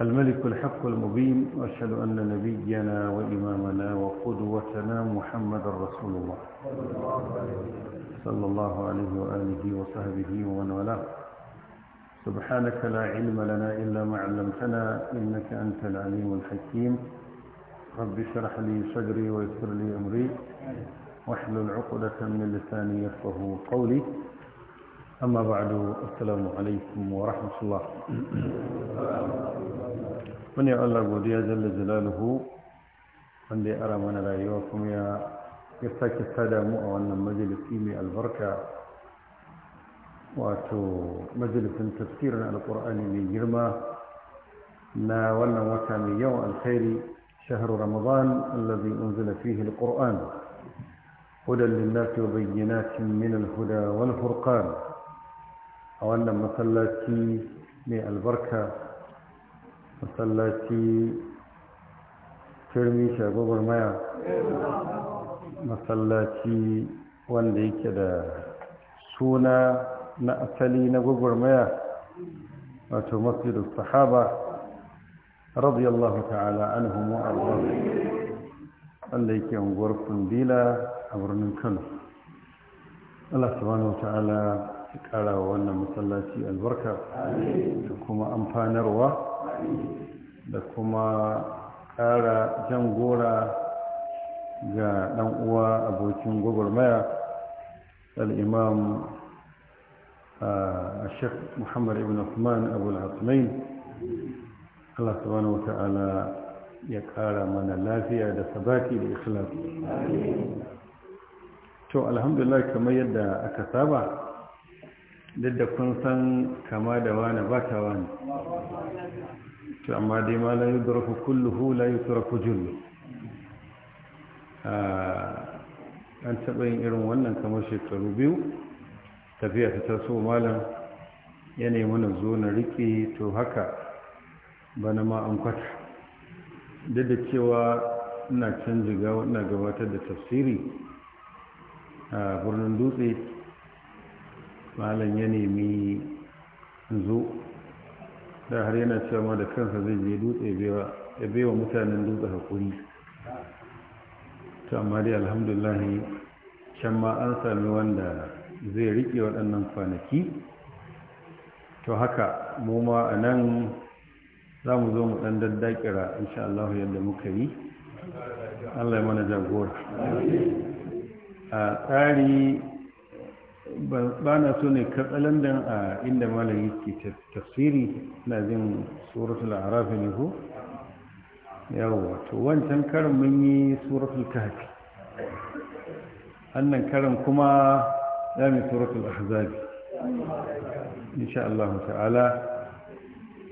الملك الحق المبين وأشهد أن نبينا وإمامنا وقدوتنا محمد رسول الله صلى الله عليه وآله وصحبه ومن والاه سبحانك لا علم لنا إلا ما علمتنا إنك أنت العليم الحكيم رب اشرح لي صدري ويسر لي أمري واحلل عقدة من لساني يفقه قولي أما بعد السلام عليكم ورحمة الله kune Allah godiya jalla jalaluhu wanda ya ara mana rayuwa kuma ya ya sake sada mu a wannan majalisi mai albarka wato majalisin tafsirin Alƙur'ani mai girma na wannan wata mai yawan alkhairi shahru ramadan alladhi unzila fihi alqur'an hudan lin-nasi wa bayyinatin min al-huda wal-furqan a wannan masallaci mai albarka masallaci turmi shagobar maya masallaci wanda yake da suna na asali na gwagwarmaya wato masjidu sahaba radiyallahu ta'ala anhum wa wanda yake unguwar kundila a birnin kano allah subhanahu ta'ala ya kara wa wannan masallaci albarka da kuma amfanarwa da kuma ƙara jan gora ga ɗan uwa abokin gwagwarmaya al'imam a shek muhammad ibn Uthman abu al-hasmain allah subhanahu wa ta'ala ya ƙara mana lafiya da sabaki da ikhlas to alhamdulillah kamar yadda aka saba duk da kun san kama da wani ba ta wani. to amma dai ma la yudraku kulluhu la jullu ah, an taɓa yin irin wannan kamar shekaru biyu tafiya ta taso malam ya nemi na zo na riƙe to haka bana ma an kwata duk da cewa ina canji gawa ina gabatar da tafsiri a birnin dutse malam ya nemi zo da har yana cewa ma da kansa zai je dutse ya baiwa mutanen dutse hakuri to amma dai alhamdulillah can ma an sami wanda zai riƙe waɗannan kwanaki to haka mu ma a nan za mu zo mu ɗan daddakira insha Allah yadda muka yi Allah ya mana jagora a tsari ba na so ne katsalandan a inda malam yake tafsiri na jin suratul araf ne ko yawwa to wancan karin mun yi suratul kahfi annan karin kuma ya mu suratul ahzabi, insha Allah ta'ala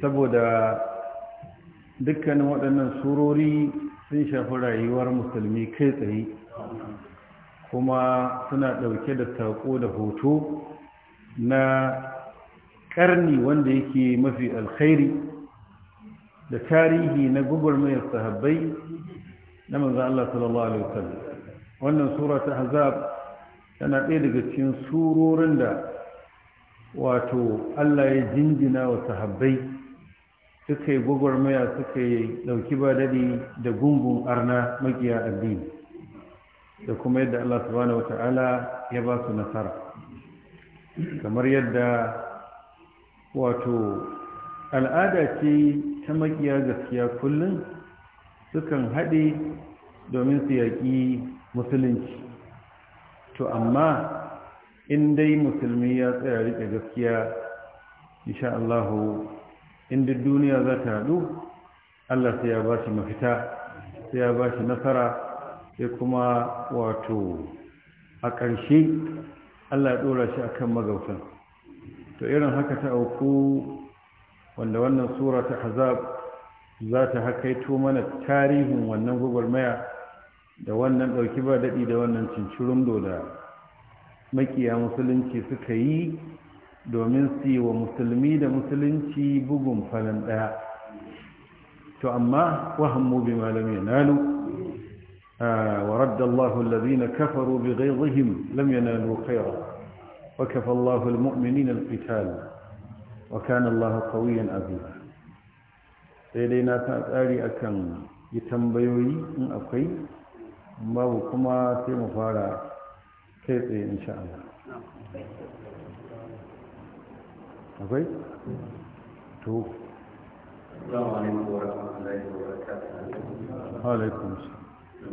saboda dukkanin waɗannan surori sun shafi rayuwar musulmi kai tsaye kuma suna ɗauke da saƙo da hoto na ƙarni wanda yake mafi alkhairi da tarihi na gugurmayar sahabbai na manzan Allah sallallahu Alaihi wasallam wannan sura ta hazab tana ɗaya daga cikin surorin da wato Allah ya jinjina wa sahabbai suka yi gugurmaya suka yi ɗauki ba daɗi da gungun arna makiya addini da kuma yadda Allah subhanahu wata'ala ya ba su nasara kamar yadda wato al'ada ce ta makiya gaskiya kullum sukan haɗe domin su yaƙi musulunci to amma in dai musulmi ya tsaya riƙe gaskiya insha Allahu in duk duniya za ta haɗu Allah sai ya ba shi mafita sai ya ba shi nasara sai kuma wato a ƙarshe allah ya ɗora shi akan magautan to irin haka ta auku wanda wannan sura ta hazab za ta hakaito mana tarihin wannan gwagwarmaya da wannan ɗauki ba daɗi da wannan cincirin da makiya musulunci suka yi domin su yi wa musulmi da musulunci bugun falon ɗaya to amma wahammu bi malami ya nalu آه، ورد الله الذين كفروا بغيظهم لم ينالوا خيرا وكفى الله المؤمنين القتال وكان الله قويا عزيزا سيدينا تاري اكن يتنبيوي ان اقي ما كما في مفارا كيفي ان شاء الله أقول تو السلام عليكم ورحمة الله وبركاته وعليكم السلام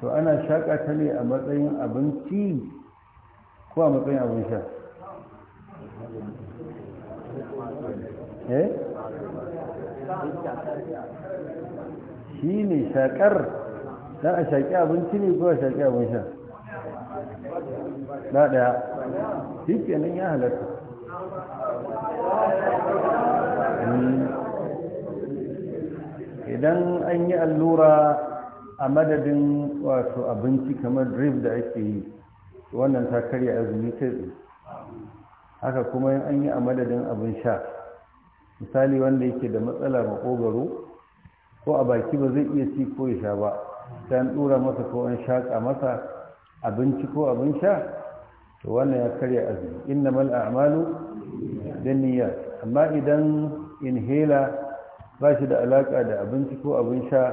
to ana shaƙa ta ne a matsayin abinci ko a matsayin abin sha eh shi ne shaƙar za a shaƙi abinci ne ko a shaƙi abin sha na ɗaya shi kenan ya halatta hmm. idan an yi allura a madadin wato abinci kamar drip da ake yi wannan ta karya azumi ta haka kuma yin an yi a madadin abin sha misali wanda yake da matsala makogaro ko a baki ba zai iya ci ko ya sha ba sai an dura masa ko an shaƙa masa abinci ko abin sha to wannan ya karya azumi mal a'malu bin niyyat amma idan inhaler ba shi da alaka da abinci ko abin sha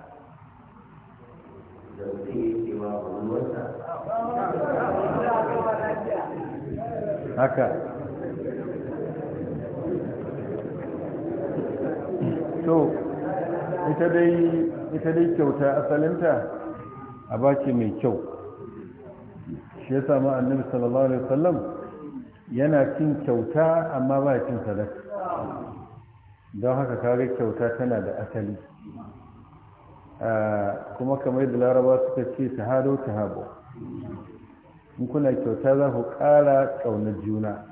haka to ita dai ita dai kyauta asalinta a baki mai kyau shi ya samu annabi sallallahu alaihi wasallam yana cin kyauta amma ba cin sadaka don haka kare kyauta tana da asali kuma kamar da laraba suka ce ta hado ta habo in kuna kyauta za ku ƙara ƙaunar juna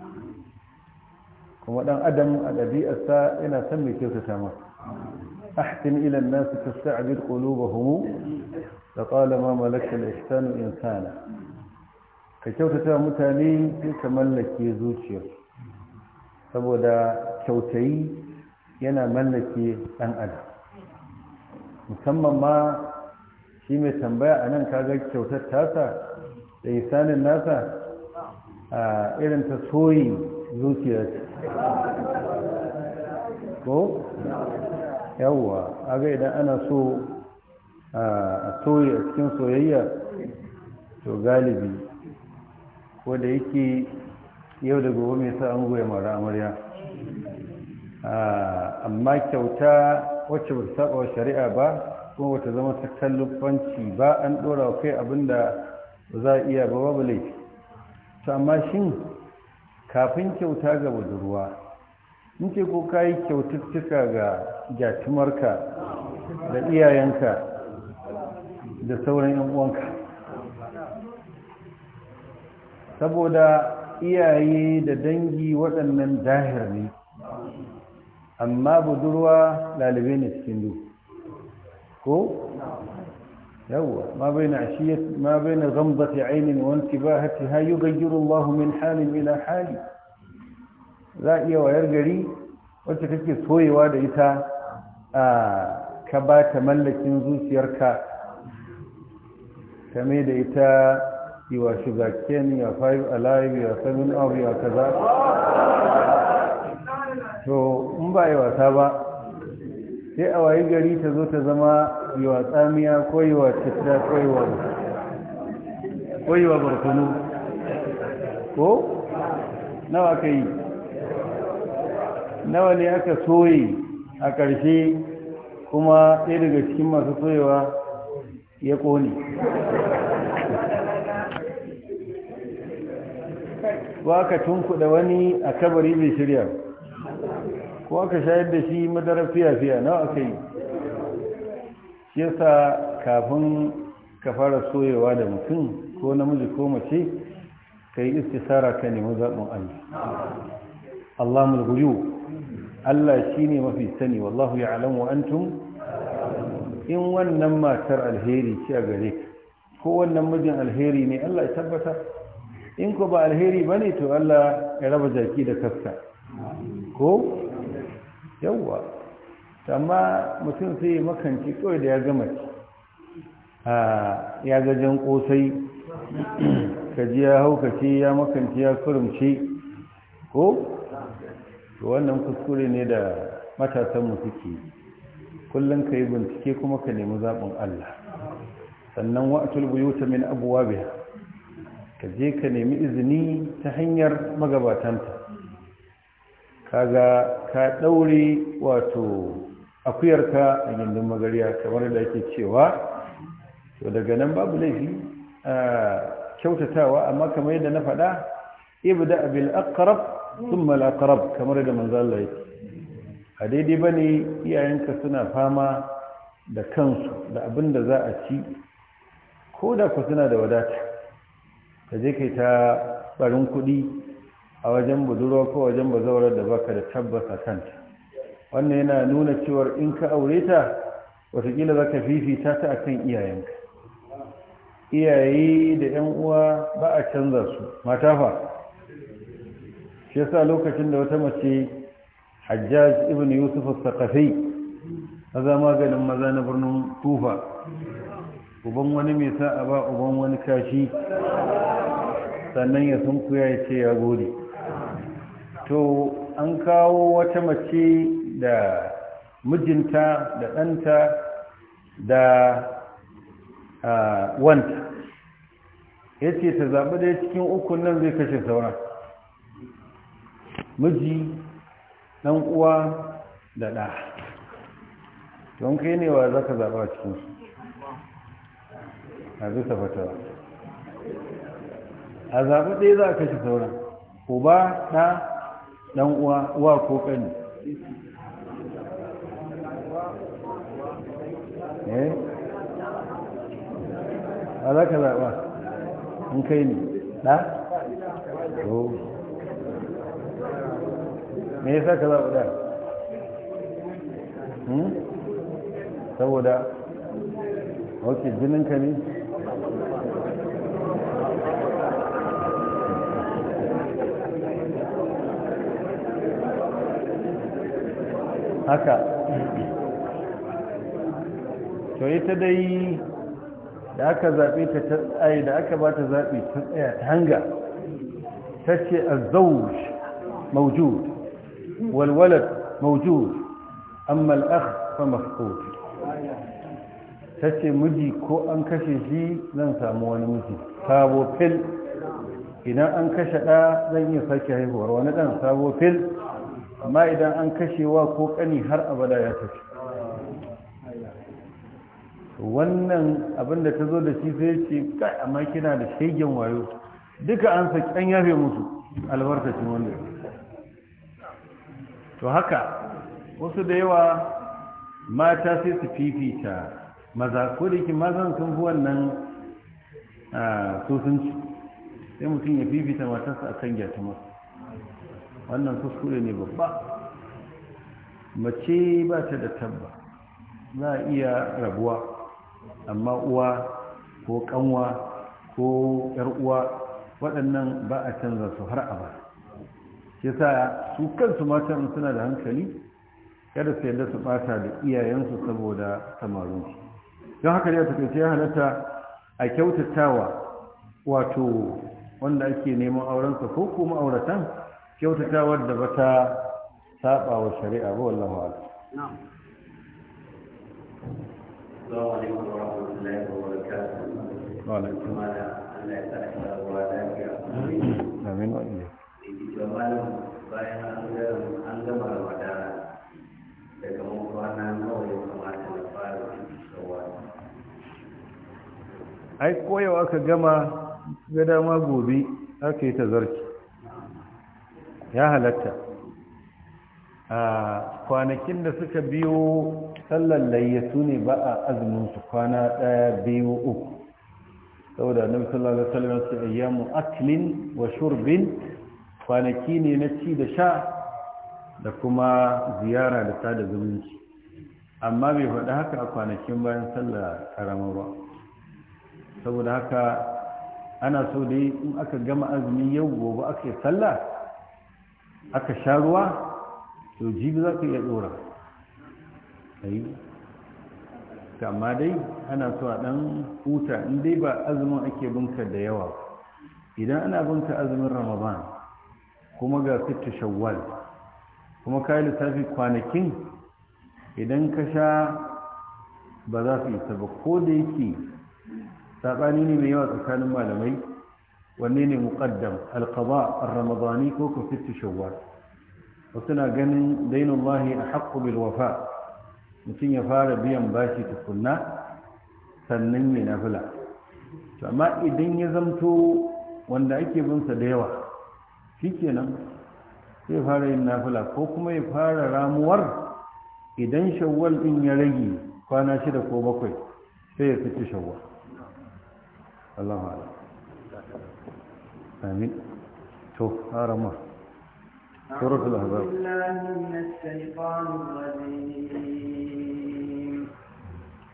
kuma ɗan adam a ɗabi'arsa yana son mai kyautata masa ahsin ila nasu tasta'bid qulubahum da qala ma malaka al insana ka kyautata mutane sai ka mallake zuciyar saboda kyautayi yana mallake ɗan adam musamman ma shi mai tambaya a nan kaga kyautar tasa da isanin nasa a irin ta soyi zuciya ce ko? yawwa aga idan ana so a soyi a cikin soyayya to galibi ko da yake yau da gobe mai sa an goya mara amarya amma kyauta wacce ba saba wa shari'a ba ko wata zama ta kallufanci ba an dora wa kai abin da ba za a iya ba babu laifi to amma shin kafin kyauta ga budurwa in ce ko ka yi kyaututtuka ga jatumarka da iyayenka da sauran yan uwanka saboda iyaye da dangi waɗannan dahir ne amma budurwa dalibai ne cikin duk ko yawwa ma bai na ashiyar ma bai na zambata ainihin wanti ba hati ha yi gaggirun lahu min halin ila hali za a iya wayar gari wacce kake soyewa da ita a ka ba ta mallakin zuciyarka mai da ita wa shugaken ya 5 alive ya 7 of ya a to in ba a yi wasa ba sai a wayi gari ta zo ta zama yi wa tsamiya ko yi wa citta ko yi wa barkunu ko nawa ka yi nawa ne aka soye a ƙarshe kuma ɗaya daga cikin masu soyewa ya ƙone ba ka tunkuɗa wani a kabari bai shirya ko aka shayar da shi madara fiya-fiya na aka yi shi yasa kafin ka fara soyewa da mutum ko namiji ko mace ka yi tsara ka nemi zaɓin allah allah mulguyu allah shi ne mafi sani wallahu ya alamu antum in wannan matar alheri ce a gare ko wannan mijin alheri ne allah ya tabbata in ko ba alheri ba ne to allah ya raba jaki da kasta. ko yawwa amma mutum sai ya makanci kawai da ya gama ya gajen kosai kaji ya haukace ya makanci ya kurumce ko wannan kuskure ne da matasanmu suke kullum ka yi bincike kuma ka nemi zaɓin Allah sannan wa'atul buyuta min abuwa biya ka je ka nemi izini ta hanyar magabatanta kaga ka ɗaure wato akuyarka a gindin magariya kamar da ake cewa to daga nan babu laifi a kyautatawa amma kamar yadda na faɗa ibda abil aqrab thumma al aqrab kamar da manzo Allah yake a daidai bane iyayenka suna fama da kansu da abin da za a ci ko da ku suna da wadata ka je kai ta barin kuɗi a wajen budurwa ko wajen bazawarar da baka da tabbata kanta wannan yana nuna cewar in ka aure ta watakila za ka fifita ta a kan iyayenka iyaye da 'yan uwa ba a canza su mata fa shi yasa lokacin da wata mace hajjaj ibn yusuf al-saqafi maza maganin maza na birnin tufa uban wani mai sa'a ba uban wani kashi sannan ya sunkuya ya ce ya gode to an kawo wata mace da mijinta da ɗanta da wanta ya ce ta zaɓi ɗaya cikin ukun nan zai kashe sauran miji ɗan uwa da ɗa don kai ne wa za ka zaɓa cikin a bisa fatawa a zaɓi ɗaya za a kashe sauran uba ɗa dan uwa uwa ko kani eh a za ka in kai ne da, to me yasa ka da ɗa? Hmm? saboda ok jininka ne haka to ita dai da aka zabe ta ta tsaye da aka ba ta zabe ta tsaya ta hanga ta ce a zauj maujud walwalar maujud amma al-akh fa mafqud ta miji ko an kashe shi zan samu wani miji sabo fil idan an kashe da zan yi sake haihuwa wani dan sabo fil amma idan an kashe wa ko kani har abada ya tafi wannan abin da ta zo da shi sai ce kai amma kina da shegen wayo duka an saki an yafe musu albarkacin wanda to haka wasu da yawa mata sai su fifita maza ko da yake mazan sun fi wannan ah, sosunci sai mutum ya fifita matarsa a kan gyata masu wannan kuskure ne babba mace ba ta da tabba za a iya rabuwa amma uwa ko kanwa ko 'yar uwa waɗannan ba a canza su har ba shi sa su kansu matan suna da hankali kada su yadda su bata da iyayensu saboda su don haka da takaice ya halatta a kyautatawa wato wanda ake neman aurensa ko kuma auratan kyautata wadda ba ta saba wa shari'a ba wallahu ala Amin gama Ai koyawa ka gama gada dama gobe aka ta zarki. ya halatta a kwanakin da suka biyo sallar layya su ne ba a azumin su kwana ɗaya biyu uku saboda annabi sallallahu alaihi wasallam su ayyamu aklin wa shurbin kwanaki ne na ci da sha da kuma ziyara da sada zumunci amma bai faɗi haka a kwanakin bayan sallar ƙarama ba saboda haka ana so dai in aka gama azumi yau gobe aka yi sallah aka sha ruwa to jibi za ka iya dora ayi amma dai ana so a dan huta in dai ba azumin ake binka da yawa idan ana binka azumin ramadan kuma ga sittu shawwal kuma ka yi lissafi kwanakin idan ka sha ba za su isa ba ko da yake saɓani ne mai yawa tsakanin malamai wanne ne muqaddam alqada ar-ramadani ko ko fitu shawwal wasu na ganin dainullahi a haƙƙo bil wafa mutum ya fara biyan bashi tukunna sannan ya nafila to amma idan ya zamto wanda ake binsa da yawa shikenan sai fara yin nafila ko kuma ya fara ramuwar idan shawwal din ya rage kwana shida ko bakwai sai ya fita shawwal Allahu آمين شوف هارما سورة الأحزاب أعوذ بالله من الشيطان الرجيم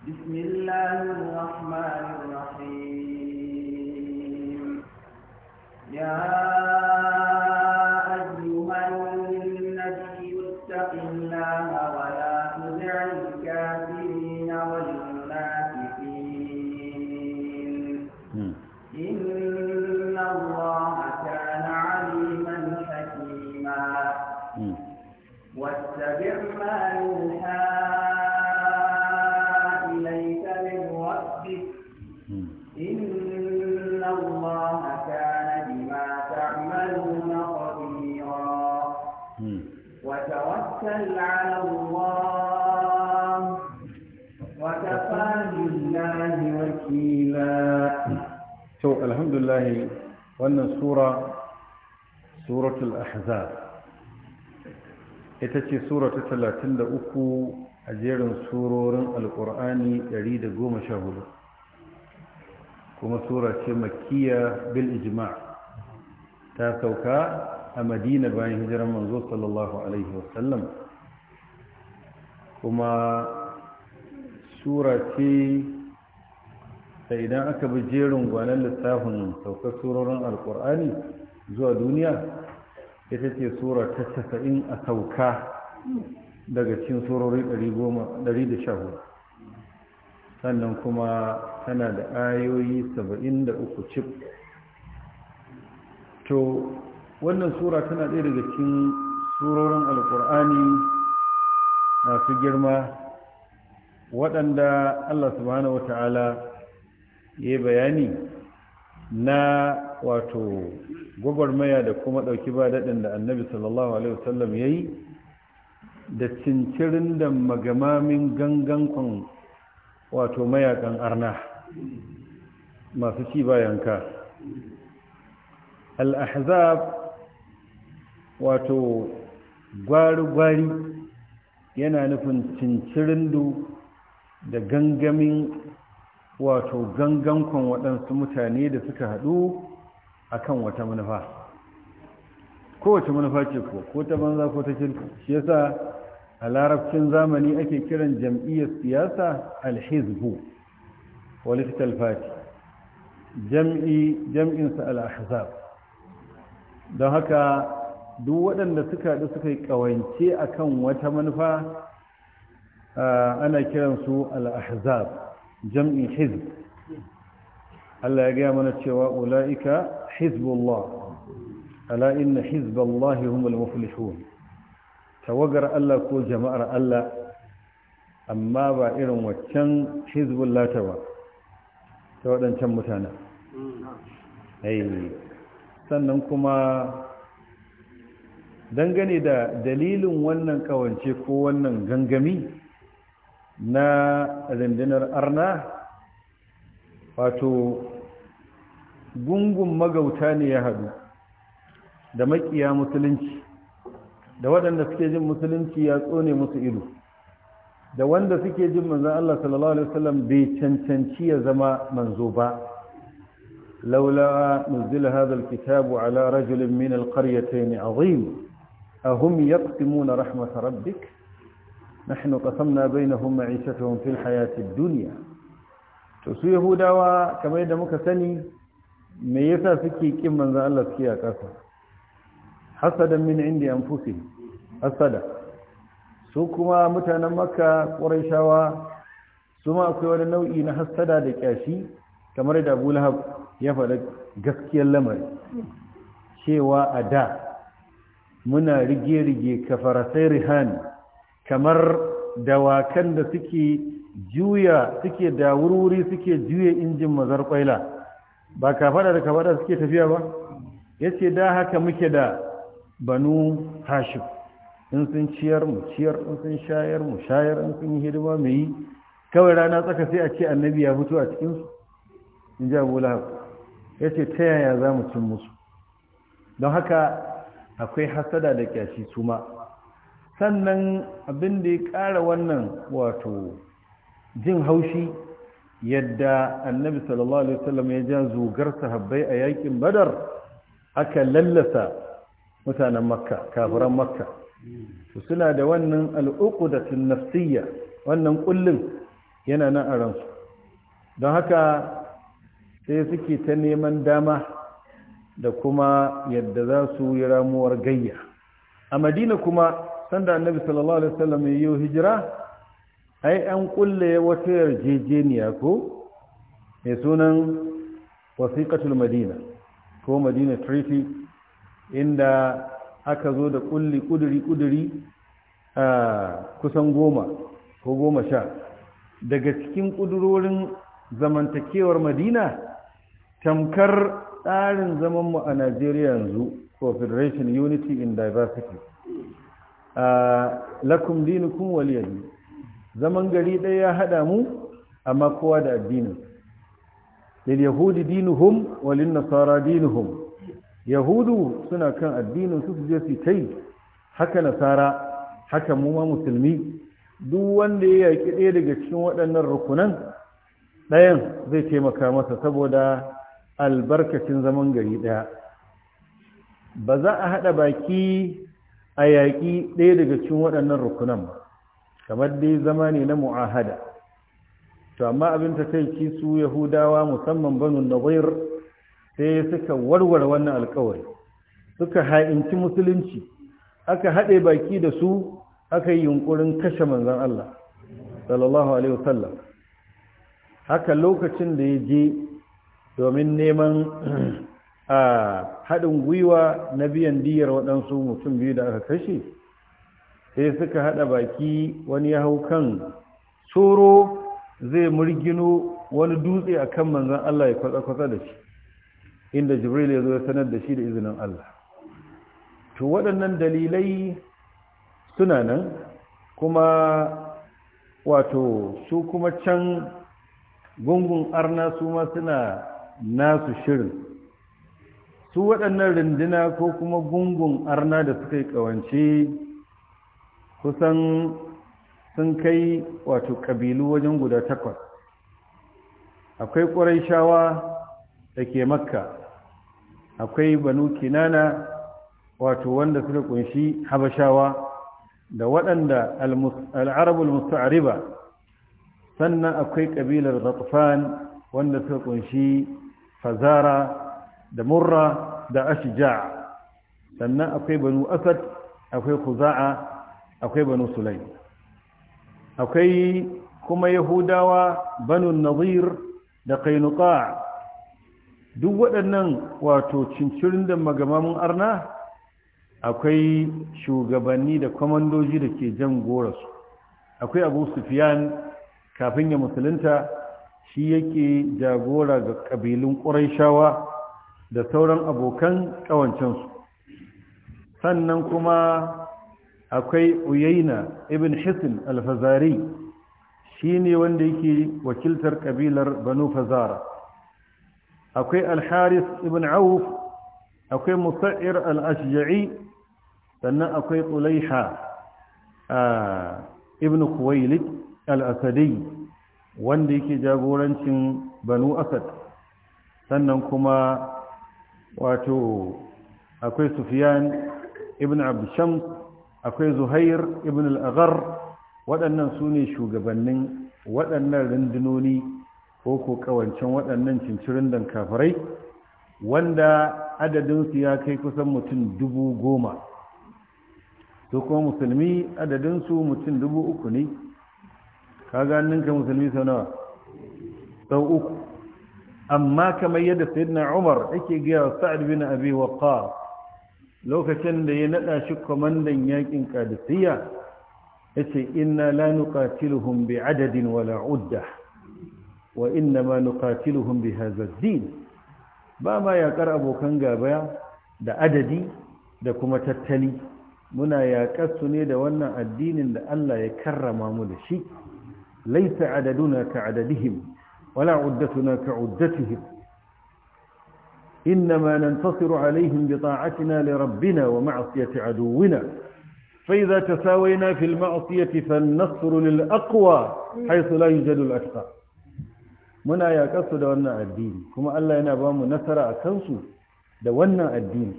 بسم الله الرحمن الرحيم يا to alhamdulillah wannan sura suratul ahzab ita ce sura ta 33 a jerin surorin alkur'ani 114 kuma sura ce makiya bil ijma ta sauka a madina bayan hijiran manzo sallallahu alaihi wasallam kuma sura ce sai idan aka bi jerin gwanon lissafin saukar surorin alkur'ani zuwa duniya ita ce sura ta casa'in a sauka daga cikin surori 114 sannan kuma tana da ayoyi 73 cif to wannan sura tana ɗaya daga cikin surorin alkur'ani masu girma waɗanda allah subhanahu wa ta'ala ya bayani na wato gwagwarmaya da kuma ɗauki ba daɗin da annabi sallallahu alaihi wasallam ya yi da cincirin da magamamin gangankon wato mayakan arna masu ci bayanka al'ahzab wato gwari-gwari yana nufin cincirin da gangamin wato gangankon waɗansu mutane da suka haɗu a kan wata manufa kowace manufa ce ko ko ta banza ko ta kirki shi yasa a larabcin zamani ake kiran jam'iyyar siyasa alhizbu political party jam'i jam'insa al-ahzab don haka duk waɗanda suka haɗu suka yi ƙawance akan wata manufa ana kiransu al-ahzab jam'in hizb Allah ya gaya mana cewa ula'ika hizbullah ala inna hizballahi humul muflihun tawagar Allah ko jama'ar Allah amma ba irin waccan hizbullah ta ba ta waɗancan mutane sannan kuma dangane da dalilin wannan kawance ko wannan gangami na rindinar arna wato gungun magauta ne ya haɗu da makiya musulunci da waɗanda suke jin musulunci ya tsone musu ido da wanda suke jin manzan Allah sallallahu Alaihi wasallam bai cancanci ya zama manzo ba laula nuzila hadha alkitabu ala rajulin min alqaryatayn azim ahum yaqsimuna rahmat rabbik nahnu na bainahum ma'ishatahum fil hayati dunya to su yahudawa kamar yadda muka sani me yasa suke kin manzon Allah suke a kasa hasadan min indi anfusihim hasada su kuma mutanen makka quraishawa su ma akwai wani nau'i na hasada da kyashi kamar da Abu Lahab ya faɗa gaskiyar lamari cewa a da muna rige-rige kafarasai rihani kamar dawakan da suke juya suke da wurwuri suke juya injin mazar kwaila ba kafada da kafada suke tafiya ba Ya ce, da haka muke da banu hashim in sun ciyar mu ciyar in sun shayar mu shayar in sun yi hidima mai yi kawai rana tsaka sai a ce annabi ya fito a cikinsu? in ji abu lahab ya ce ta yaya za mu cin musu don haka akwai hasada da kyashi su ma sannan abin da ya ƙara wannan wato jin haushi yadda annabi sallallahu alaihi wasallam ya ja zugar sahabbai a yakin badar aka lallasa mutanen makka kafiran makka su suna da wannan al'uqudatin nafsiyya wannan kullun yana nan a ransu don haka sai suke ta neman dama da kuma yadda za su yi ramuwar gayya a madina kuma sanda annabi sallallahu alaihi wasallam ya yi hijira ai an kulle wata yarjejeniya ko mai sunan wasiqatul madina ko madina treaty inda aka zo da kulli kuduri kuduri a kusan goma ko goma sha daga cikin kudurorin zamantakewar madina tamkar tsarin zaman mu a najeriya yanzu confederation unity in diversity lakum dinukum waliyadi zaman gari ɗaya ya haɗa mu amma kowa da addini lil yahudi dinuhum walin nasara dinuhum yahudu suna kan addinin su je su tai haka nasara haka mu ma musulmi duk wanda ya yaƙi ɗaya daga cikin waɗannan rukunan ɗayan zai taimaka masa saboda albarkacin zaman gari ɗaya ba za a haɗa baki a yaƙi ɗaya daga cikin waɗannan rukunan ba kamar dai zama ne na mu'ahada to amma abin ta kai su yahudawa musamman banu nazair sai suka warware wannan alkawari suka ha'inci musulunci aka haɗe baki da su aka yi yunƙurin kashe manzan Allah sallallahu alaihi wasallam haka lokacin da ya je domin neman a haɗin gwiwa na biyan diyar waɗansu mutum biyu da aka kashe sai suka haɗa baki wani ya hau kan tsoro zai murgino wani dutse a kan manzan Allah ya kwatsa-kwatsa da shi inda jibril ya zo ya sanar da shi da izinin Allah to waɗannan dalilai suna nan kuma wato su kuma can gungun arna su ma suna nasu shirin su waɗannan rindina ko kuma gungun arna da suka yi ƙawance kusan sun kai wato ƙabilu wajen guda takwas akwai ƙwarai shawa da ke makka akwai banu kinana wato wanda suka kunshi habashawa da waɗanda al'arabul musta'ariba sannan akwai ƙabilar zafafan wanda suka ƙunshi fazara da murra da ashija sannan akwai banu asad akwai kuza'a akwai banu sulaim akwai kuma yahudawa banu nazir da qainuqa duk waɗannan wato cincirin da magamamin arna akwai shugabanni da kwamandoji da ke jan gorasu akwai abu sufiyan kafin ya musulunta shi yake jagora ga ƙabilun ƙuraishawa da sauran abokan ƙawancensu sannan kuma akwai uyaina ibn hisin alfazari shi ne wanda yake wakiltar ƙabilar banu fazara akwai alharis ibn auf akwai musa'ir al'ashja'i sannan akwai tsulaiha ibn al al'asadi wanda yake jagorancin banu asad sannan kuma wato akwai sufiyan ibn abdusham akwai zuhair ibn al'agar waɗannan su ne shugabannin waɗannan rundunoni ko ko ƙawancen waɗannan cincirin dan kafirai wanda adadinsu ya kai kusan mutum dubu goma To kuma musulmi adadinsu mutum dubu uku ne ka ganin ka musulmi sau nawa sau uku amma kamar yadda sayyidina Umar yake ga Sa'ad bin Abi Waqqas lokacin da ya nada shi komandan yakin Qadisiyya yace inna la nuqatiluhum bi adadin wala udda wa inna ma nuqatiluhum bi hadha ad-din ba ma abokan gaba da adadi da kuma tattali muna yakar su ne da wannan addinin da Allah ya karrama mu da shi laysa adaduna ka adadihim ولا عدتنا كعدتهم إنما ننتصر عليهم بطاعتنا لربنا ومعصية عدونا فإذا تساوينا في المعصية فالنصر للأقوى حيث لا يوجد الأشقى منا يا كسو دوانا الدين كما الله ينبام نصر أكنسو دوانا الدين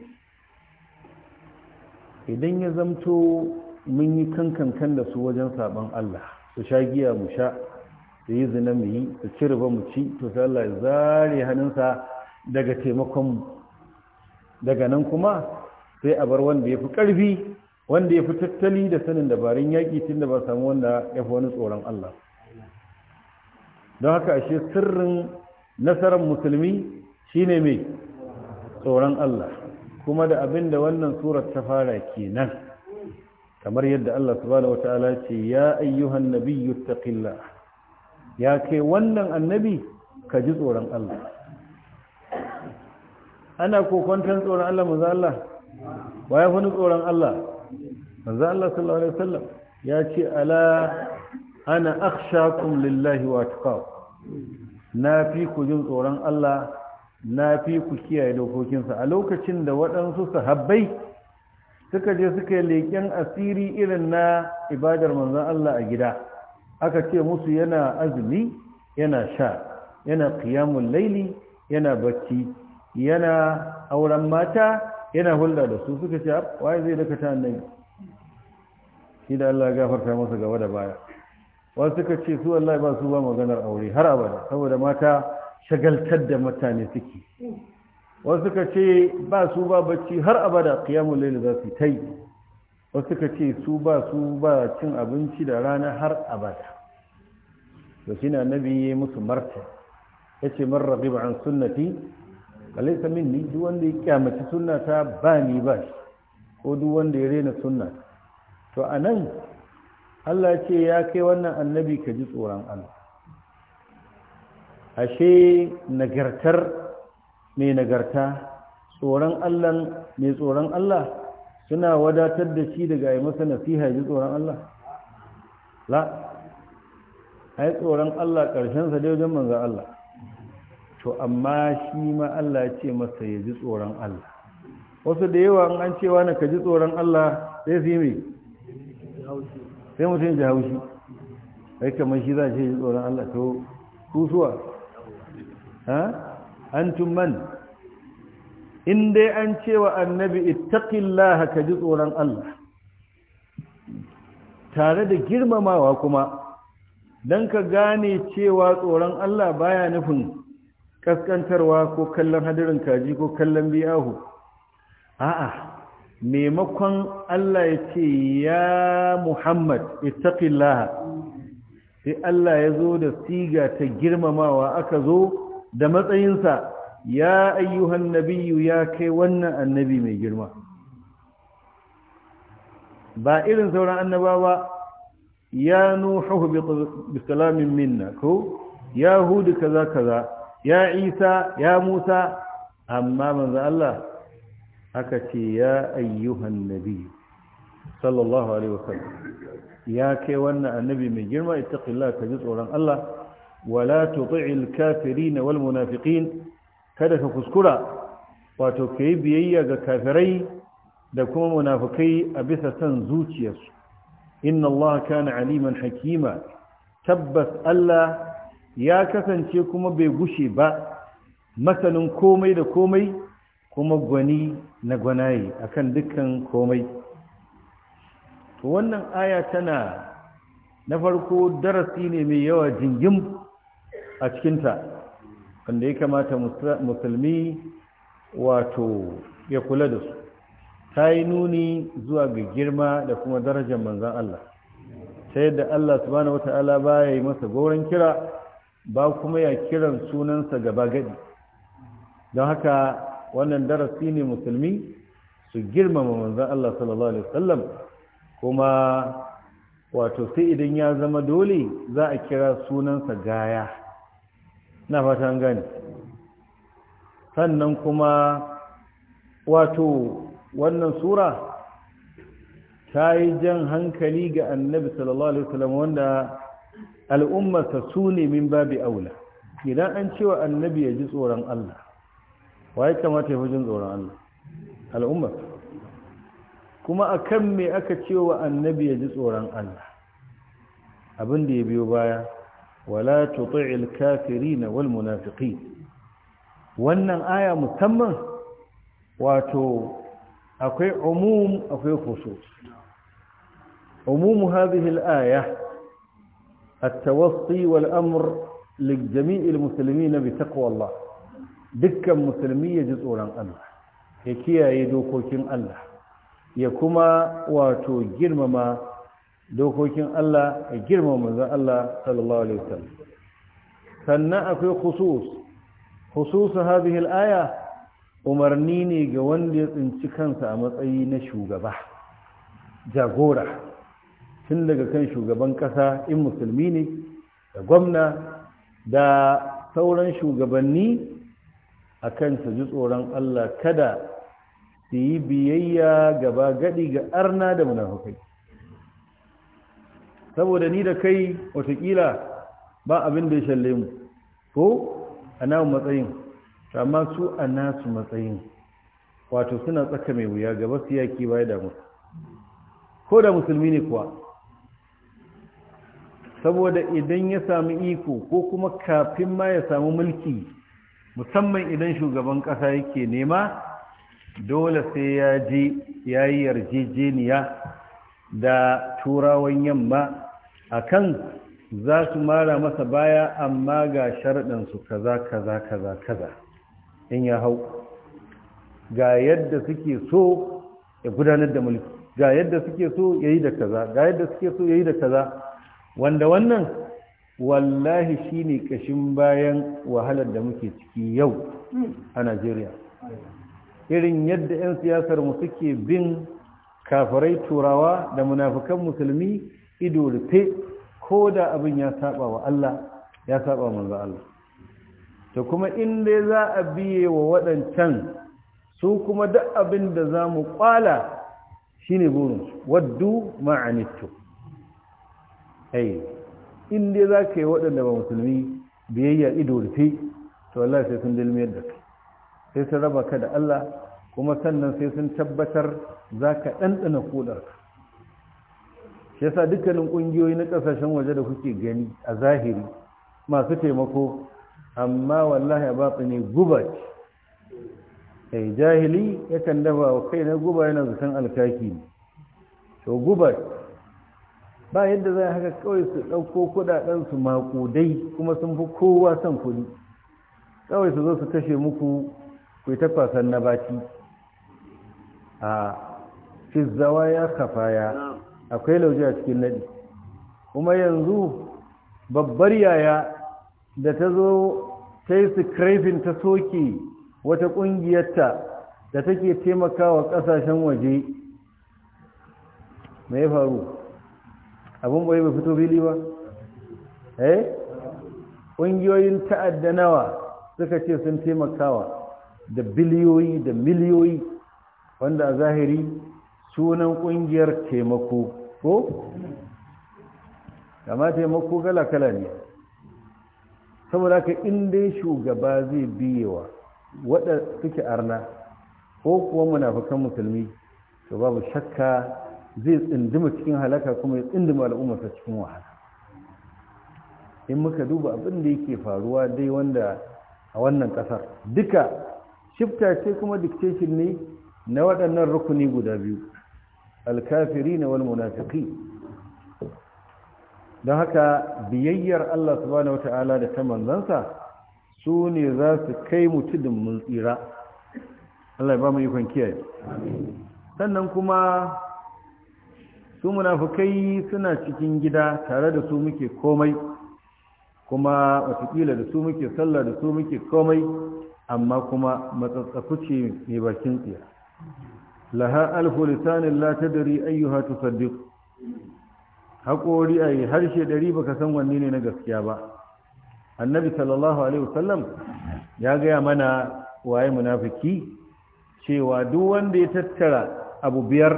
إذن يزمتو من يكن كن كن لسو الله تشاقيا مشاء da yi zina mu yi su cire ba mu ci to sai Allah ya zare hannunsa daga taimakon daga nan kuma sai a bar wanda ya fi ƙarfi wanda ya fi tattali da sanin dabarun yaƙi tun da ba samu wanda ya fi wani tsoron Allah don haka ashe sirrin nasarar musulmi shine mai tsoron Allah kuma da abin da wannan surar ta fara kenan kamar yadda Allah subhanahu wata'ala ce ya ayyuhan nabiyyu taqillah ya kai wannan annabi ka ji tsoron Allah ana kokwantar tsoron Allah manzo Allah wa ya wani tsoron Allah manzo Allah sallallahu alaihi wasallam ya ce ala ana akshakun lillahi wa taqaw na fi ku jin tsoron Allah na fi ku kiyaye dokokinsa a lokacin da waɗansu sahabbai suka je suka yi leƙen asiri irin na ibadar manzon Allah a gida aka ce musu yana azumi yana sha yana qiyamul laili yana bacci yana auren mata yana hulɗa da su suka ce waye zai daka ta annabi shi da Allah ya gafarta masa gaba da baya wasu suka ce su wallahi ba su ba maganar aure har abada saboda mata shagaltar da mutane suke wasu suka ce ba su ba bacci har abada qiyamul laili za su yi wasu ka ce su ba su ba cin abinci da rana har abada da shi na nabi ya musu marta ya ce mara ragiba an sunnati min ni duk wanda ya kyamaci sunnata ba ni ba shi ko duk wanda ya rena sunna to a nan Allah ce ya kai wannan annabi ka ji tsoron Allah ashe nagartar mai nagarta tsoron Allah mai tsoron Allah suna wadatar da shi daga yi masa nasiha ji tsoron Allah la ai tsoron Allah ƙarshen sa wajen manzan Allah to amma shi ma Allah ya ce masa ya ji tsoron Allah wasu da yawa an cewa na ka ji tsoron Allah sai su yi mai sai mutum ji haushi ai kamar shi za ce ji tsoron Allah to kusuwa ha antum man in dai an ce wa annabi ittaqillaha ka ji tsoron Allah tare da girmamawa kuma don ka gane cewa tsoron Allah baya nufin kaskantarwa ko kallon hadirin kaji ko kallon biyahu a'a maimakon Allah ya ce ya Muhammad ittaqillaha sai Allah ya zo da siga ta girmamawa aka zo da matsayinsa ya ayyuhan nabiyu ya kai wannan annabi mai girma ba irin sauran annabawa ya nuhu bi salamin minna ko ya hudu kaza kaza ya isa ya musa amma manzo Allah aka ce ya ayyuhan nabiyu sallallahu alaihi wasallam ya kai wannan annabi mai girma ittaqillah ka ji tsoron Allah wala tuti'il kafirin wal munafiqin kada ka kuskura wato ka yi biyayya ga kafirai da kuma munafukai a bisa son zuciyarsu inna Allah kana aliman hakima tabbas Allah ya kasance kuma bai gushe ba masanin komai da komai kuma gwani na gwanaye akan dukkan komai to wannan aya tana na farko darasi ne mai yawa jingim a cikinta wanda ya kamata musulmi wato ya kula da su ta yi nuni zuwa ga girma da kuma darajar manzan Allah ta yadda Allah subhanahu wata'ala ba ya yi masa goron kira ba kuma ya kiran sunansa gaba gadi don haka wannan darasi ne musulmi su girmama manzan Allah sallallahu alaihi wasallam kuma wato sai idan ya zama dole za a kira sunansa gaya na fata gani sannan kuma wato wannan sura ta yi jan hankali ga annabi sallallahu alaihi wasallam wanda al'ummarsa su ne min babi aula idan an cewa annabi ya ji tsoron Allah waye kamata ya fi tsoron Allah al'ummar kuma a kan me aka cewa annabi ya ji tsoron Allah abin da ya biyo baya ولا تطع الكافرين والمنافقين wannan aya musamman wato akwai umum akwai khusus umum hadhihi al-aya at-tawassi wal-amr lijami' al-muslimin bi taqwa Allah dukkan musulmi ya ji tsoron Allah ya kiyaye dokokin Allah ya kuma wato girmama dokokin Allah a girmama, manzon Allah sallallahu alaihi wasallam sannan akwai khusus khusus hadhihi al umarni ne ga wanda ya tsinci kansa a matsayi na shugaba jagora tun daga kan shugaban kasa in musulmi ne da gwamna da sauran shugabanni a kan su ji tsoron Allah kada su yi biyayya gaba gadi ga arna da munafukai saboda ni da kai watakila ba abin da ya shalle mu ko a nawa matsayin amma su a nasu matsayin wato suna tsaka mai wuya gaba su yaki baya da musu ko da musulmi ne kuwa saboda idan ya sami iko ko kuma kafin ma ya sami mulki musamman idan shugaban ƙasa yake nema dole sai ya je ya yi yarjejeniya da turawan yamma akan za su mara masa baya amma ga sharaɗansu kaza kaza kaza kaza in ya hau ga yadda suke so ya gudanar da mulki ga yadda suke so ya yi da kaza ga yadda suke so ya yi da kaza wanda wannan wallahi shi ne ƙashin bayan wahalar da muke ciki yau a najeriya irin yadda 'yan siyasarmu suke bin kafarai turawa da munafukan musulmi ido rufe ko da abin ya saba wa Allah ya saba manzo Allah to kuma in dai za a biye wa waɗancan su kuma duk abin da za mu kwala ne burin waddu ma'anittu ai in dai za ka yi waɗanda ba musulmi biyayya ido rufe to Allah sai sun dilmiyar da ka. sai sun raba ka da Allah kuma sannan sai sun tabbatar za ka ɗanɗana kudarka yasa dukkanin ƙungiyoyi na ƙasashen waje da kuke gani a zahiri masu taimako amma wallahi ba ne guba ce eh, jahili yakan dafa wa kai na guba yana zaton alkaki ne to guba ba yadda zai haka kawai su ɗauko kuɗaɗen su maƙudai kuma sun fi kowa son kuɗi kawai su zo su kashe muku ku yi tafasan na baci a fizzawa ya kafaya akwai lauje a cikin nadi kuma yanzu babbar yaya da ta zo ta yi ta soke wata ƙungiyarta da take taimakawa ƙasashen waje me ya faru abin ɓoye bai fito fili ba eh ƙungiyoyin ta'adda nawa suka ce sun taimakawa da biliyoyi da miliyoyi wanda a zahiri sunan ƙungiyar taimako ko? kama taimako kala-kala ne saboda ka inda shugaba zai biyewa waɗanda suke arna ko kuwa munafukan musulmi to babu shakka zai tsindima cikin halaka kuma ya tsindima al'ummarsa cikin wahala in muka duba abin da yake faruwa dai wanda a wannan ƙasar duka shifta ce kuma dictation ne na waɗannan rukuni guda biyu alkafiri na walmunafiki don haka biyayyar Allah subhanahu wata'ala da ta manzansa su ne za su kai mu da mun tsira Allah ya ba mu yi kiyaye sannan kuma su munafukai suna cikin gida tare da su muke komai kuma watakila da su muke sallah da su muke komai amma kuma matsatsaku ce mai bakin tsira laha alfu lisanin la tadri ayyuha tusaddiq haƙori ai harshe ɗari baka san wanne ne na gaskiya ba annabi sallallahu alaihi wasallam ya gaya mana waye munafiki cewa duk wanda ya tattara abu biyar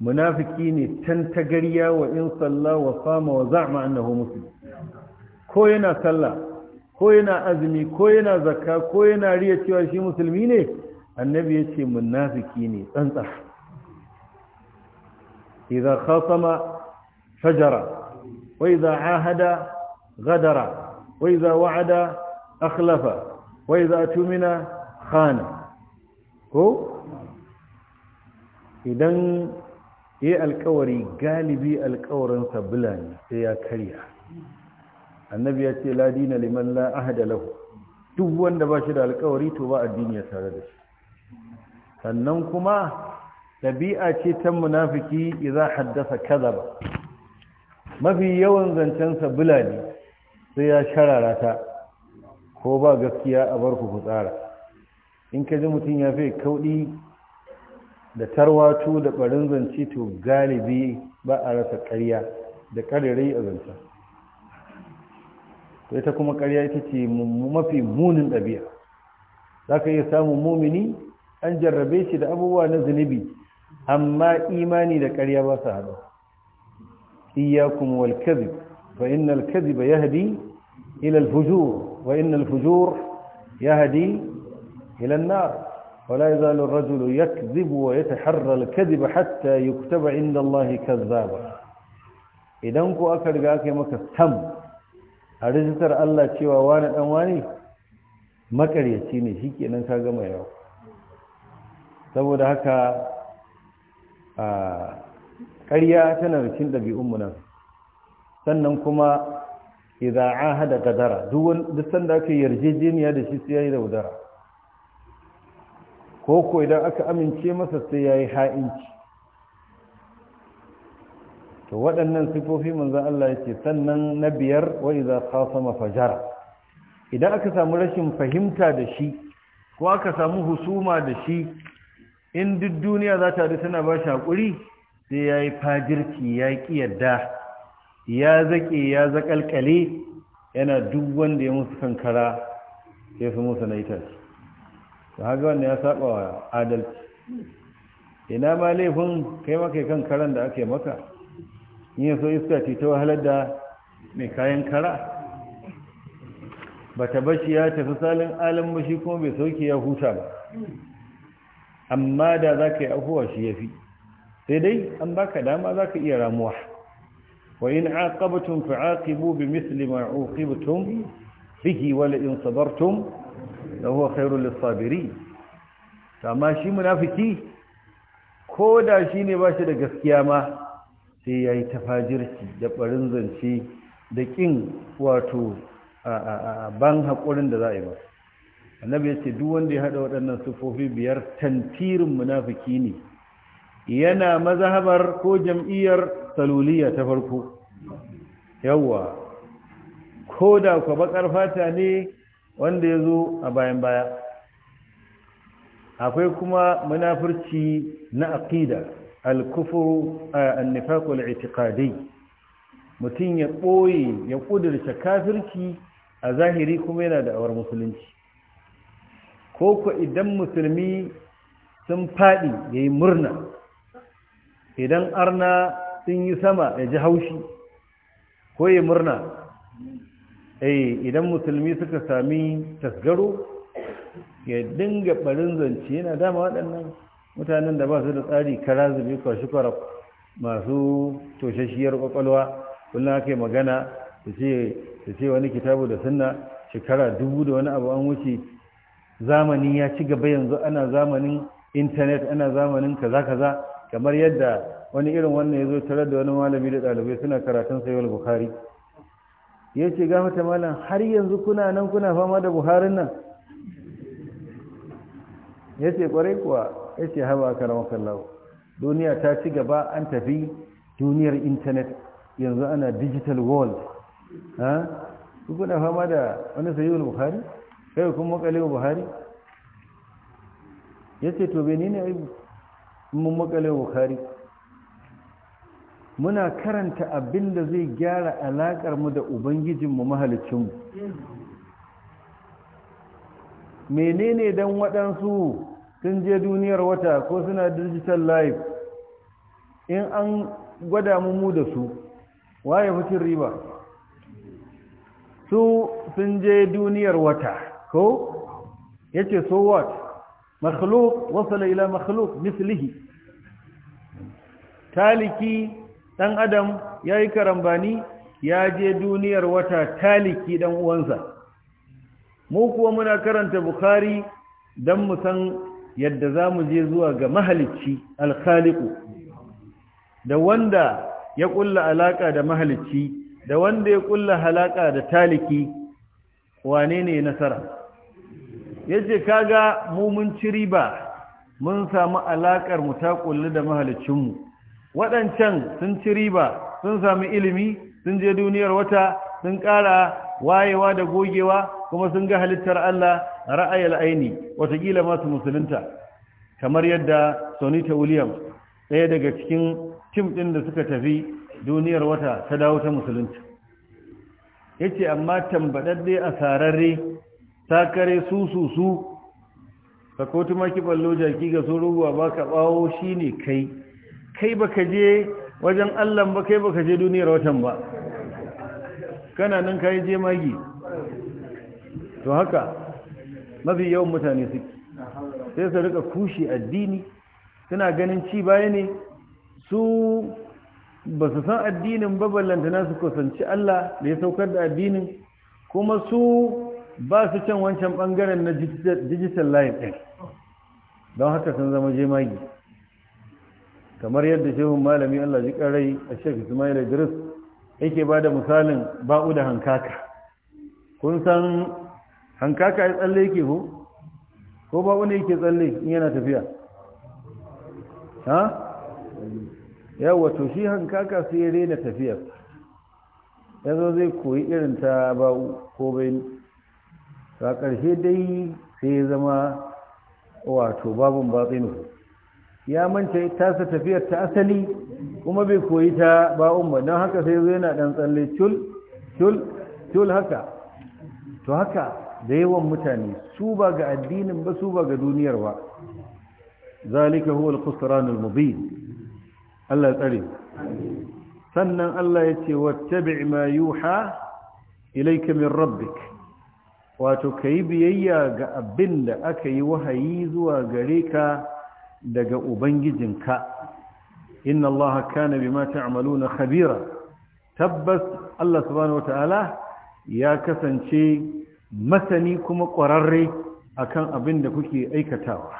munafiki ne tantagariya wa in salla wa fama wa za'ma annahu muslim ko yana sallah ko yana azumi ko yana zakka ko yana riya cewa shi musulmi ne annabi ya ce munafiki ne tsantsa idan khasama shajara wa idan ahada gadara wa idan wa'ada akhlafa wa idan tumina khana ko idan yi alkawari galibi alkawarinsa bila sai ya karya annabi ya ce ladina liman la ahada lahu duk wanda ba shi da alkawari to ba addini ya tare da shi sannan kuma ɗabi'a ce ta munafiki idan haddasa kazaba mafi yawan zancensa bulani sai ya sharara ta ko ba gaskiya a barku ku tsara in ka ji mutum ya fi kauɗi da tarwatu da ɓarin zance to galibi ba a rasa ƙarya da ƙarirai a zancen Sai ta kuma ƙarya ita ce mafi munin ɗabi'a za ka iya samun mumini an jarrabe shi da abubuwa na zunubi amma imani da ƙarya ba su haɗu iyyakum wal kadhib fa innal kadhiba yahdi ila al fujur wa innal fujur yahdi ila an nar ولا يزال الرجل يكذب ويتحرى الكذب حتى يكتب عند الله كذابا idan ku aka riga aka yi maka tam a rijistar Allah cewa wani dan wani makaryaci ne shikenan ka gama yawa saboda haka a ƙarya tana da cin ɗabi'unmu nan sannan kuma idan an haɗa gadara duk sanda aka yarjejeniya da shi sai ya yi wudara. ko ko idan aka amince masa sai ya yi ha'inci to waɗannan sifofi manzan Allah ya ce sannan na biyar wai za kasa mafajara idan aka samu rashin fahimta da shi ko aka samu husuma da shi in duk duniya za ta tana ba shi haƙuri sai ya yi fajirki ya ƙi yadda ya zaƙe ya zaƙalƙale yana duk wanda ya musu kankara ya fi musu na ita ta haka wanda ya saba wa adalci ina ma laifin kai maka kankaran da ake maka yin so iska ce ta wahalar da mai kayan kara ba ta bashi ya tafi salin alin shi kuma bai sauke ya huta ba amma da za ka yi afuwa shi ya fi sai dai an baka dama za ka iya ramuwa wa in aqabtum fa'aqibu bi misli ma uqibtum fihi wa la in sabartum la huwa khairul Ta amma shi munafiki ko da shi ne ba shi da gaskiya ma sai ya yi tafajirci da barin zance da kin wato ban haƙurin da za a yi masa annabi ya ce duk wanda ya haɗa waɗannan sufofi biyar tantirin munafiki ne yana mazhabar ko jam'iyyar saluliya ta farko yawwa ko da ku bakar fata ne wanda ya zo a bayan baya akwai kuma munafurci na aqida al-kufru eh, an-nifaq al-i'tiqadi mutum ya ɓoye ya ƙudurce kafirci a zahiri kuma yana da awar musulunci ko ku idan musulmi sun faɗi ya yi murna idan arna sun yi sama ya ji haushi ko ya murna eh, idan musulmi suka sami tasgaro ya dinga ɓarin zance yana dama waɗannan mutanen da ba su da tsari kara zubi kwashi kwaraf masu toshashiyar kwakwalwa kullum aka yi magana su ce wani kitabu da sunna shekara dubu da wani abu an wuce zamani ya ci gaba yanzu ana zamanin intanet ana zamanin kaza kaza kamar yadda wani irin wannan ya zo tare da wani malami da ɗalibai suna karatun sayuwar bukhari ya ce ga mata malam har yanzu kuna nan kuna fama da buharin nan ya ce kwarai kuwa ya ce haɓa karamar kallawo duniya ta ci gaba an tafi duniyar intanet yanzu ana digital world ha kuna fama da wani sayuwar bukhari kai kun makale wa buhari ya ce to bai ne aibu mun makale wa buhari muna karanta abin da zai gyara alaƙar mu da ubangijinmu mahalicinmu menene don waɗansu sun je duniyar wata ko suna digital life in an gwada mu da su waye mutum riba su sun je duniyar wata ko yace so what makhluq wasala ila makhluq mislihi taliki dan adam yayi karambani ya je duniyar wata taliki dan uwansa mu kuwa muna karanta bukhari dan mu san yadda zamu je zuwa ga mahalicci alkhaliqu da wanda ya kulla alaka da mahalicci da wanda ya kulla halaka da taliki wane ne nasara yace kaga mu mun ci riba mun samu alakar mu ta kullu da mahalicin mu waɗancan sun ci riba sun sami ilimi sun je duniyar wata sun ƙara wayewa da gogewa kuma sun ga halittar Allah ra'ayal aini watakila masu musulunta kamar yadda Sonita Williams ɗaya daga cikin tim ɗin da suka tafi duniyar wata ta dawo ta musulunta yace amma a sararre. sakare su su su ka ko tumaki ballo jaki ga sun rubuwa ba ka bawo shi ne kai kai ba ka je wajen allan ba kai ba ka je duniyar watan ba kana nan kayi je magi to haka mafi yawan mutane suke sai su rika kushi addini suna ganin ci baya ne su ba su san addinin ba baballantana su kusanci allah da ya saukar da addinin kuma su ba su can wancan bangaren na digital line ɗin don haka sun zama jemagi kamar yadda shehun malami Allah ji karai a shek Ismail Idris yake ba da misalin ba'u da hankaka kun san hankaka ya tsalle yake ko ko ba'u ne yake tsalle in yana tafiya ha yawa to shi hankaka sai ya rena tafiyar yanzu zai koyi irin ta ba'u ko bai to a ƙarshe dai sai zama wato babun batsinu ya manta tasa tafiyar ta asali kuma bai koyi ta ba'un ba don haka sai zai na ɗan tsalle cul cul cul haka to haka da yawan mutane su ba ga addinin ba su ba ga duniyar ba zalika huwa al-khusranul mubin Allah tsare sannan Allah ya ce wattabi ma yuha ilayka min rabbika wato ka yi biyayya ga abin da aka yi wahayi zuwa gare ka daga ubangijinka inna allaha kana bima ta'maluna khabira tabbas allah subhanahu wataala ya kasance masani kuma ƙwararre akan abin da kuke aikatawa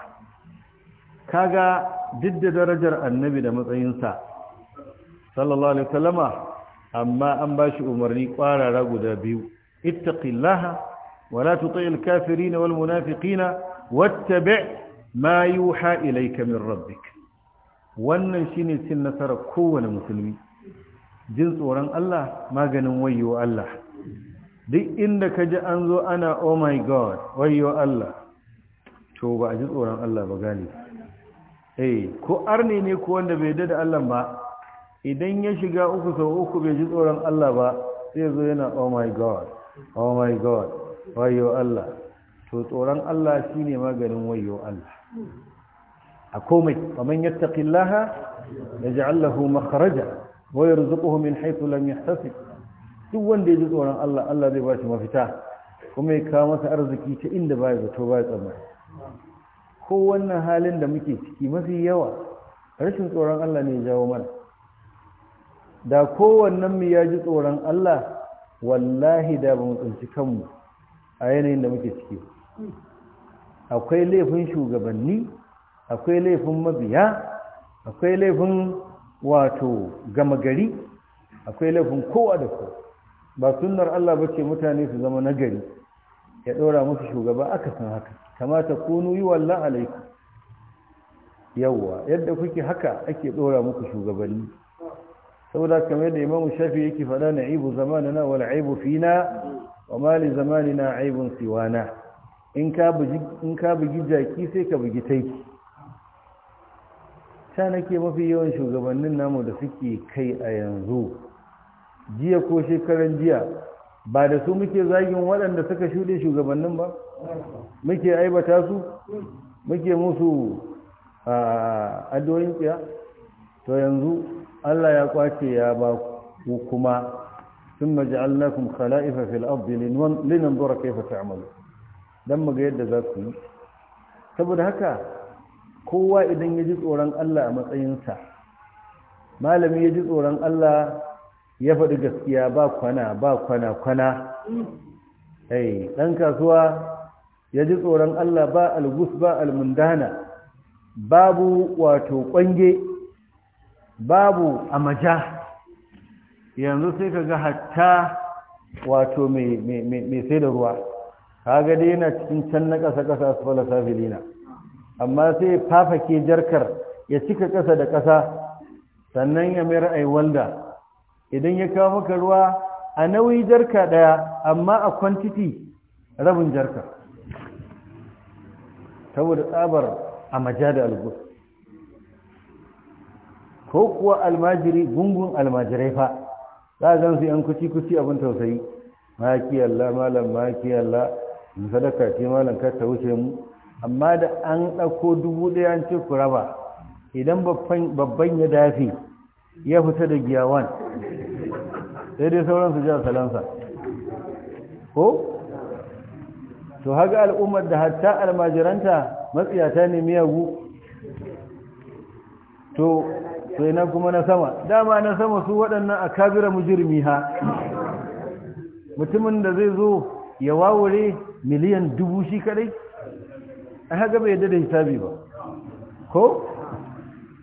kaga duk da darajar annabi da matsayinsa sallallahu alaihi wasallama amma an bashi umarni ƙwarara guda biyu ittaqillaha ولا تطع الكافرين والمنافقين واتبع ما يوحى إليك من ربك wannan shine cin nasarar kowane musulmi jin tsoron Allah maganin wayyo Allah duk inda ka ji an zo ana oh my god wayyo Allah to ba a ji tsoron Allah ba gani eh ko arne ne ko wanda bai da Allah ba idan ya shiga uku sau uku bai ji tsoron Allah ba sai zo yana oh my god oh my god wayo Allah to tsoron Allah shine maganin wayo Allah a komai faman yattaqillaha yaj'al lahu makhraja wa yarzuquhu min haythu lam yahtasib duk wanda ya ji tsoron Allah Allah zai ba shi mafita kuma ya kawo masa arziki ta inda baya zato ya tsammani ko wannan halin da muke ciki mafi yawa rashin tsoron Allah ne ya jawo mana da kowannen mu ya ji tsoron Allah wallahi da ba mu tsinci kanmu a yanayin da muke ciki akwai laifin shugabanni akwai laifin mabiya akwai laifin wato gama gari akwai laifin kowa da kowa ba sunnar Allah ba ce mutane su zama nagari ya ɗora musu shugaba aka san haka kamata kunu yi wallan alaiku yawwa yadda kuke haka ake ɗora muku shugabanni saboda kamar yadda imamu shafi yake faɗa na aibu zamanana wal aibu fina wa mali zamanina aibun siwana in ka bugi in ka bugi jaki sai ka bugi taiki ta nake mafi yawan shugabannin namu da suke kai a yanzu jiya ko shekaran jiya ba da su muke zagin waɗanda suka shuɗe shugabannin ba muke aibata su muke musu addu'o'in kiya to yanzu Allah ya kwace ya ba ku kuma sun maja'allakum khala'ifa fil ardi linanzura kayfa ta'malu dan mu ga yadda za ku yi saboda haka kowa idan ya ji tsoron Allah a matsayinsa malami ya ji tsoron Allah ya faɗi gaskiya ba kwana ba kwana kwana ai dan kasuwa ya ji tsoron Allah ba algus ba almundana babu wato kwange babu amaja yanzu sai ka ga hatta wato mai sai da ruwa kaga dai yana cikin can na ƙasa-ƙasa su fala safilina amma sai fafake jarkar ya cika ƙasa da ƙasa sannan ya mayar ai walda idan ya kawo maka ruwa a nauyi jarka ɗaya amma a kwantiti rabin jarka saboda tsabar a majada da algus ko kuwa almajiri gungun almajirai fa za a zan su yan kuci kuci abin tausayi maki Allah malam maki Allah mu sadaka ce malam kar ta wuce mu amma da an ɗauko dubu ɗaya an ce ku raba idan babban ya dafi ya fita da giyawan sai dai sauransu ja salansa ko to haka al'ummar da hatta almajiranta matsiyata ne miyagu to sai nan kuma na sama dama na sama su waɗannan a kabira mujirmi ha mutumin da zai zo ya wawure miliyan dubu shi kadai a haka bai yadda da hisabi ba ko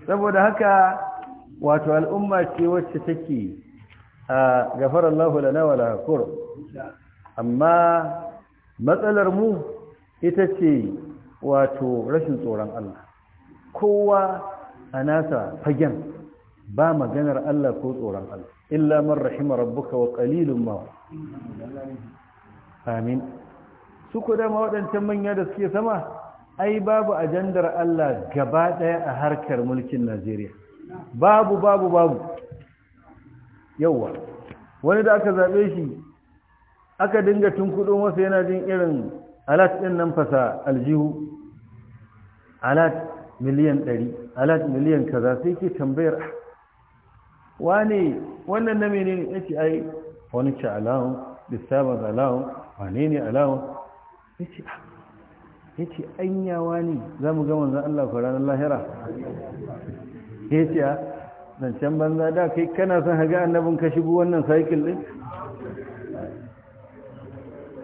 saboda haka wato al'umma ce wacce take a gafarar lahula na walakur amma matsalar mu ita ce wato rashin tsoron Allah kowa a nasa fagen ba maganar Allah ko tsoron Allah illa man rahima rabbuka wa qalilun ma amin su ko dama waɗancan manya da suke sama ai babu ajandar Allah gaba ɗaya a harkar mulkin Najeriya babu babu babu yawa wani da aka zaɓe shi aka dinga tun kuɗo masa yana jin irin alat ɗin nan fasa aljihu alat miliyan ɗari alat miliyan kaza sai ke tambayar wane wannan na mene ne ya ai wani ce alawun disturbance alawun wane ne alawun ya ce ya ce anyawa ne za mu gama zan Allah ranar lahira ya ce a ah, zancen banza da kai kana son haga annabin ka shigo wannan cycle din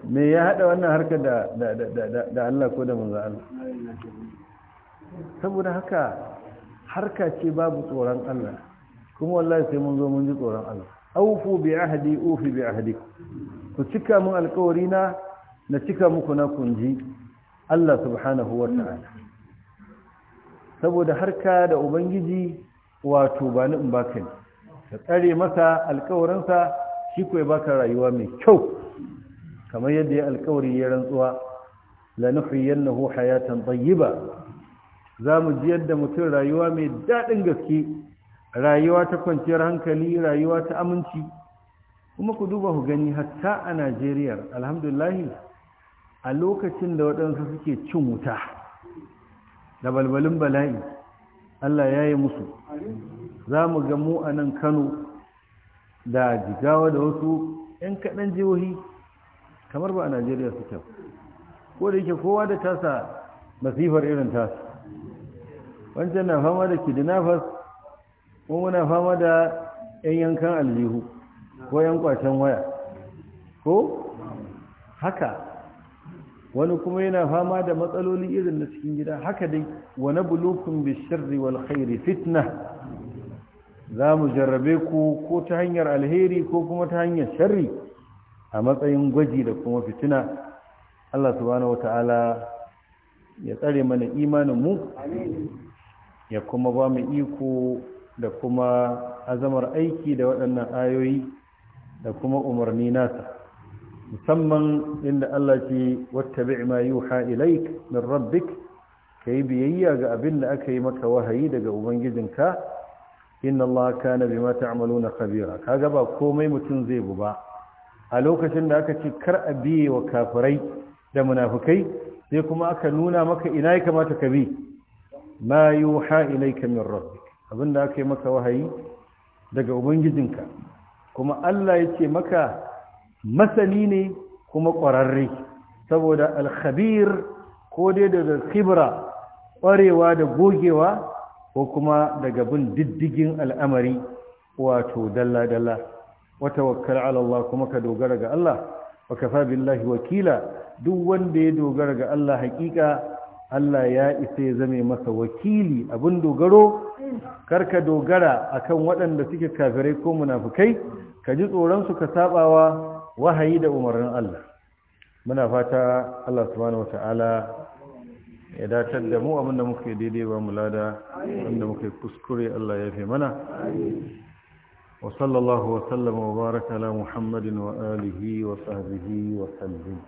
me ya haɗa wannan harkar da Allah ko da manzan Allah saboda haka harka ce babu tsoron Allah kuma wallahi sai mun zo mun ji tsoron Allah aufu bi ahdi ufi bi ahdi ku cika mun alƙawari na na cika muku na kunji Allah subhanahu wa saboda harka da ubangiji wato ba ni in baka ne ka tsare masa alƙawarinsa shi ko ya baka rayuwa mai kyau kamar yadda ya alƙawari ya rantsuwa la nuhiyannahu hayatan tayyiba za mu ji yadda mutum rayuwa mai daɗin gaske rayuwa ta kwanciyar hankali rayuwa ta aminci kuma ku duba ku gani hatta a najeriya alhamdulahi a lokacin da waɗansu suke cin wuta da balbalin bala'i allah ya yi musu za mu gamu a nan kano da jigawa da wasu 'yan kaɗan jihohi kamar ba a najeriya suke ko da yake kowa da tasa masifar irin tasa wancan na fama da kidnappers kuma muna fama da 'yan yankan aljihu ko 'yan kwacen waya ko haka wani kuma yana fama da matsaloli irin na cikin gida haka dai wa bulukun bishirri wal khairi fitna za mu jarrabe ku ko ta hanyar alheri ko kuma ta hanyar sharri a matsayin gwaji da kuma fitina Allah subhanahu ta'ala ya tsare mana imanin mu ya kuma ba mu iko da kuma azamar aiki da waɗannan ayoyi da kuma umarni nasa musamman inda Allah ke wattabi ma yuha ilaik min rabbik kai biyayya ga abin da aka yi maka wahayi daga ubangijinka inna Allah kana bima ta'maluna khabira kaga ba komai mutum zai bu ba a lokacin da aka ce kar a biye wa kafirai da munafukai sai kuma aka nuna maka ina ya kamata ka bi ma yuha ilayka min rabbik abinda aka yi maka wahayi daga ubangijinka kuma Allah ya ce maka masani ne kuma ƙwararre saboda alkhabir ko dai daga khibra ƙwarewa da gogewa ko kuma daga bin diddigin al'amari wato dalla-dalla wata wakkar Allah kuma ka dogara ga Allah wa kafa billahi wakila duk wanda ya dogara ga Allah hakika Allah ya isa ya zame masa wakili abin dogaro karka dogara akan waɗanda suke kafirai ko munafukai ka ji tsoron su ka sabawa wahayi da umarnin Allah muna fata Allah subhanahu wata'ala ya datar da mu abinda muke daidai ba mu lada wanda muke kuskure Allah ya fi mana wa sallallahu wa sallama wa baraka ala muhammadin wa alihi wa sahbihi wa sallim